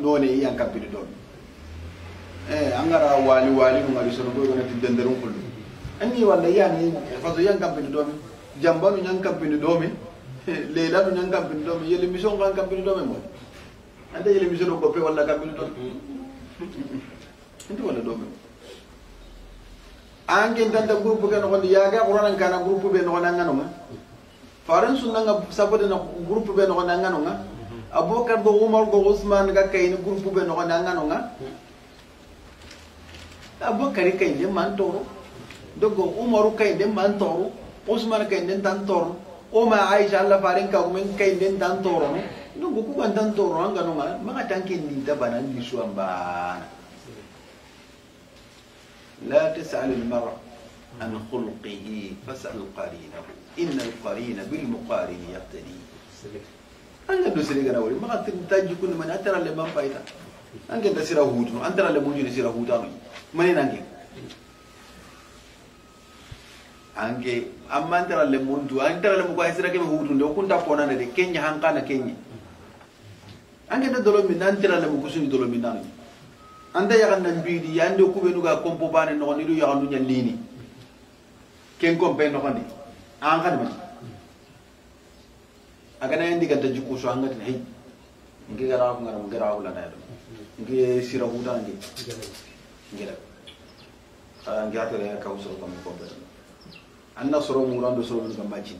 noone yankampini ɗon e eh, an gara waali waali ɗum ari sono koy wonati denderum kullum anni walla jamba façon yankampini ɗomin jambanu yankampini ɗomin leylanu yankampini ɗomin yele mission ko yankampini ɗomin mo anda yele mission o goppe walla kampini ɗon inti walla ɗomin an ken groupe ke nogondi yaga quranan kana groupe ɓe nogondi an ganonga faren sunnanga sabode na groupe ɓe no an ganonga أبو بكر دو عمر دو عثمان غا كاين غروب بي نوغا نانغا نوغا أبو بكر كاين دي مانتور دو عمر كاين دي مانتور عثمان كاين دي تانتور وما عايش الله فارين كاو من كاين دي تانتور دو كو كو تانتور نانغا نوغا ما غا تانكين دي دبانا لي شوامبا لا تسأل المرء عن خلقه فاسأل قرينه إن القرين بالمقارن يقتدي. anga do sere gana wori ma ta tajju kun man atara le ban fayta ange ta sira hutu antara le munju sira hutu no mani nange ange amma antara le mundu antara le mugo sira ke hutu ndo kun ta kona ne de kenya hankana kenya ange da dolo min antara le mugo suni dolo min nanu anda ya kan nan bidi ya ndo kubenu kompo bane no ni do ya kan dunya lini ken kompe no kan ni an kan agana yendi ganta jukku so angatin hey ngi gara ko ngara ngara wala da ngi sira buda ngi ngira ala ngi atere ka usoro ko mi ko be anna soro mu rando soro mi gamba ci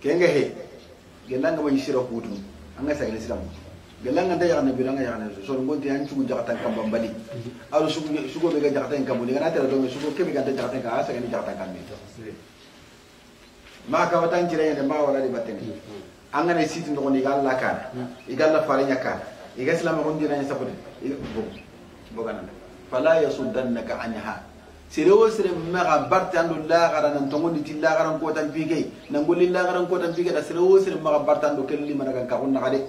kenga he gelanga bayi sira hudu anga sagene sira mu gelanga da yarana bi ranga yarana so ngo ti ya an cugu jakatan kam bambali alu sugo sugo be ga jakatan kam ni gana tere do sugo ke be ga jakatan ka asagene jakatan kam ni maka watan jira ne mbawa wala di batten an ga ne sitin ndo gal la kan igal i fare nya i igal islam on ndira nya sabudi bo bo fala yasuddannaka anha sire wo sire ma ga bartando la gara nan tongo ngoni tilla gara ko tan bige nan golli la gara ko tan bige da sire wo sire ma ga bartando kelli man ga ka on gade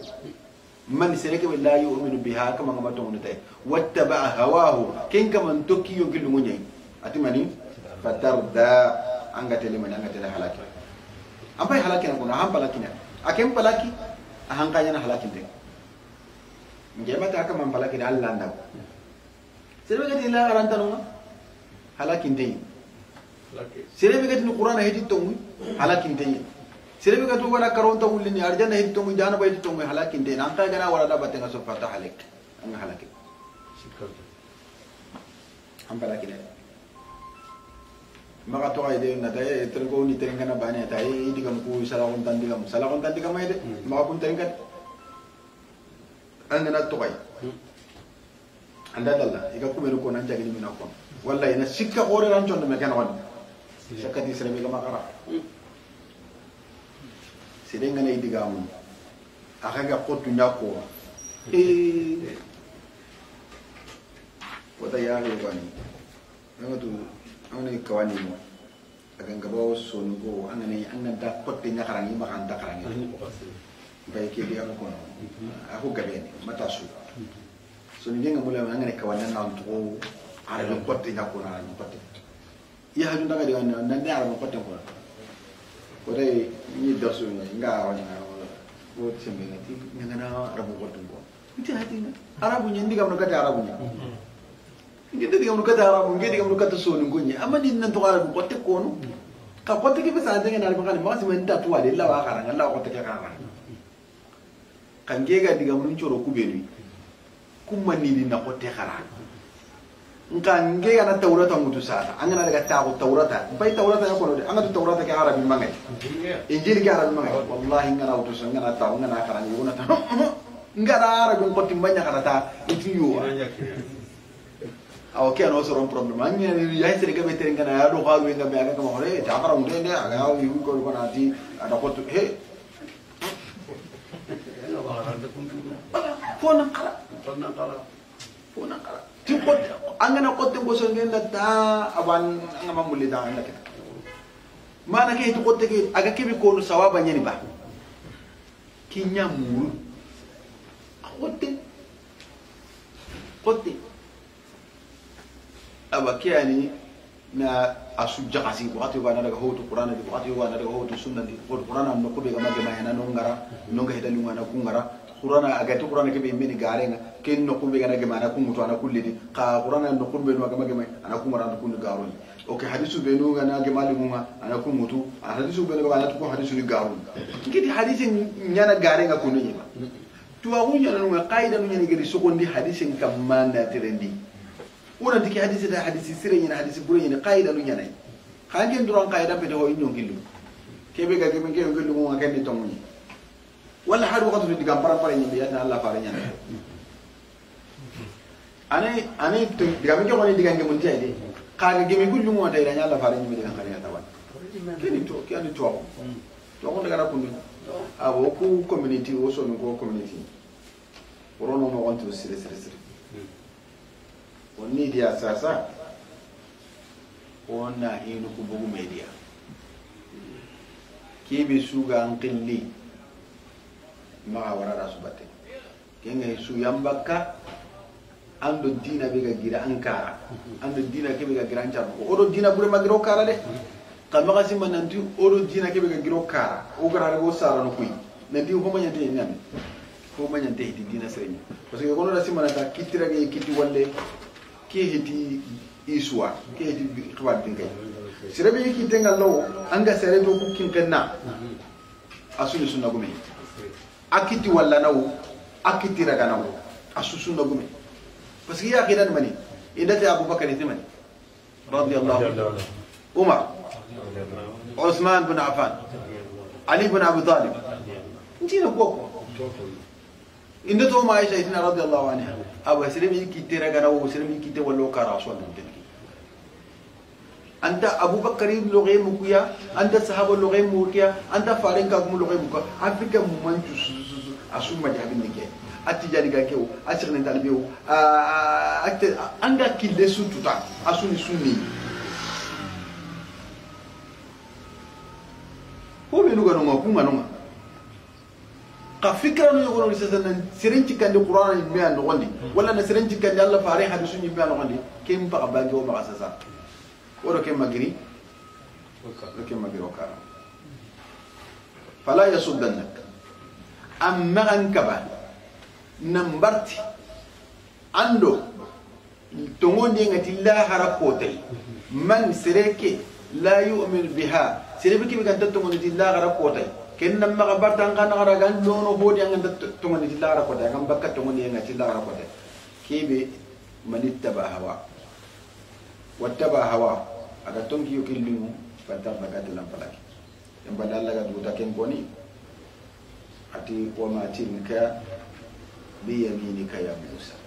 man sire ke la yu'minu biha kama ma tongo ni tay wattaba hawahu kin kama tokki yo gilu ngoni atimani fatarda angatele man angatele halaki ampai halakina kuna aham palakina akem palaki aham kanya na halakin dek ngema ta kama palakina Allah ndak sirbe gati la aranta numa halakin dek sirbe gati ni qur'ana hedi tongu halakin dek sirbe gati wala karonta wulini arjana hedi tongu jana bai tongu halakin dek an kanya na wala da batenga so fata halak an halakin an palakina maka to ay de na tay etel ko ni teringa na bani tay idi kam ku sala kon tan digam sala kon tan digam ay de maka kun teringa an na to ay anda dalla iga ku meru ko nan jagini mina kon wallahi na sikka kore ran ton me kan on sikka di sere makara ngana idi gamu aka ga ko tunya ko eh wata yaro bani ngatu awne kawani mo agan gabo sonu go angane anna da kotte nyakarangi makan da karangi anu bay ke bi ko no aku mhm. ni mata su so ni sonu ngenga mula angane kawana na to ara do kotte nyakona ni kotte iya hajun daga de wanna nan da ara mo kotte ko ko dai ni darsu ni nga wanna ko sembe ngati ngana ara mo kotte ko itu hati arabunya ndi kamno kata arabunya mhm kita diga muruka kata ramu ngi diga muruka kata sonu gunya amma din nan to ka ko konu kono ka ko ki ke besa de kan ma si men ta tuwa de la wa karanga la ko ka kan ge diga mu choro ku be ni kuma ni din na ko kara nka ngega na na taurata mutu sata an gana daga ta ko taurata bai ya kono de an ga taurata ke arabi mangai injil ke arabi mangai wallahi ngana utu san ngana ta ngana karanga ngona ta ngara arabi kara ta aw ke ano soron problem anya ya sere gabe teren kana ya do halu inga be aga kama hore ta mara unde de aga au yu ko ko nati ada ko he fona kala fona kala fona kala ti ko angana ko te boso ngenda ta aban ngama mulli da anda kita mana ke itu ko te aga ke bi ko no sawaba nyani ba kinya muru ko te awa na asu jagasi wakati wa nadaga hoto qur'ana di wakati wa nadaga hoto sunna di qur'ana no ko ga magema yana no ngara no ga hedali ngana ku ngara qur'ana aga to qur'ana ke be meni garenga ken no ko ga nagema na ku mutu ana kulli di ka qur'ana no ko no ga magema ana ku ngara ku ngaro okay hadisu be no ga nage malimu nga ana ku mutu hadisu be no ga na ku hadisu ni garo ngidi hadisi nyana garenga ku no nyima tuwa hunya no ga qaida no nyani gari sokondi hadisin kamma na tirendi wona diki hadisi ta hadisi sire nyina hadisi buru nyina qaida lu nyana hangen duron qaida pete do inyo gilu kebe ga kebe kebe gilu mo ngakene to munyi wala hadu ko di diga para para nyimbe yana Allah para nyane ane ane to diga mi ko ni diga ngi mun tayde kaga gemi gilu mo tayda nyalla para nyimbe di kare ta tawat keni to kani to to ko daga na a abo ku community wo so ko community worono mo wonto sire sire sire media sasa wonna hinu ku bugu media kibi suga anqilli maxa rasu bate kenge su yambaka ando dina bega gira ankara ando dina ke bega gira an odo dina bure magiro kara de kama kasi manantu odo dina ke bega giro kara o garare go sarano kuy nanti homañante ñami homañante di dina sereña parce que konoɗa kitira kittirage kitti walle ke heti isuwa ke heti kibar dingai sirabe yake denga law anga sare to ku kin kanna asuni sunna gume akiti walla nawo akiti raga nawo asu sunna gume parce que ya kidan mani idati abubakar ne mani radiyallahu anhu umar عثمان بن عفان علي بن ابي طالب نجينا كوكو inda to ma aisha itina radiyallahu anha aba silimi kitte raga na wo silimi kitte wallo kara so nan tan anta abubakar loge mu kuya anta sahaba loge mu kuya anta farin ka mu loge mu ka afrika mu man ju asu ma jabi ne ke ati jadi ga ke asir ne talbe wo akte anga kille su tuta asu ni sunni ko be lu ga no ma ku ma no ma ka fikra no yogono sasa nan sirin cikkandi qur'ana yimɓe a nogondi walla na sirin cikkandi allah faari hadisu yimɓe a nogondi ke mi paka bange o maka sasa oɗo ke magiri ɗo ke magiri o kara fala yasuddannak an maxan kaba nan barti ando tongo ndiyengati lahara kotay man sere ke la yuminu biha sere be keɓe ganta tongonditi lahara kotay kenna maga bartan kana gara gan lono hodi an da tunga ni tilara ko da gan bakka tunga ni an tilara ko da kebe manittaba hawa wattaba hawa aga tongi yukillimu fadar baga dalam palaki en badalla ga duta ken boni ati wa ma tilka bi yaminika ya musa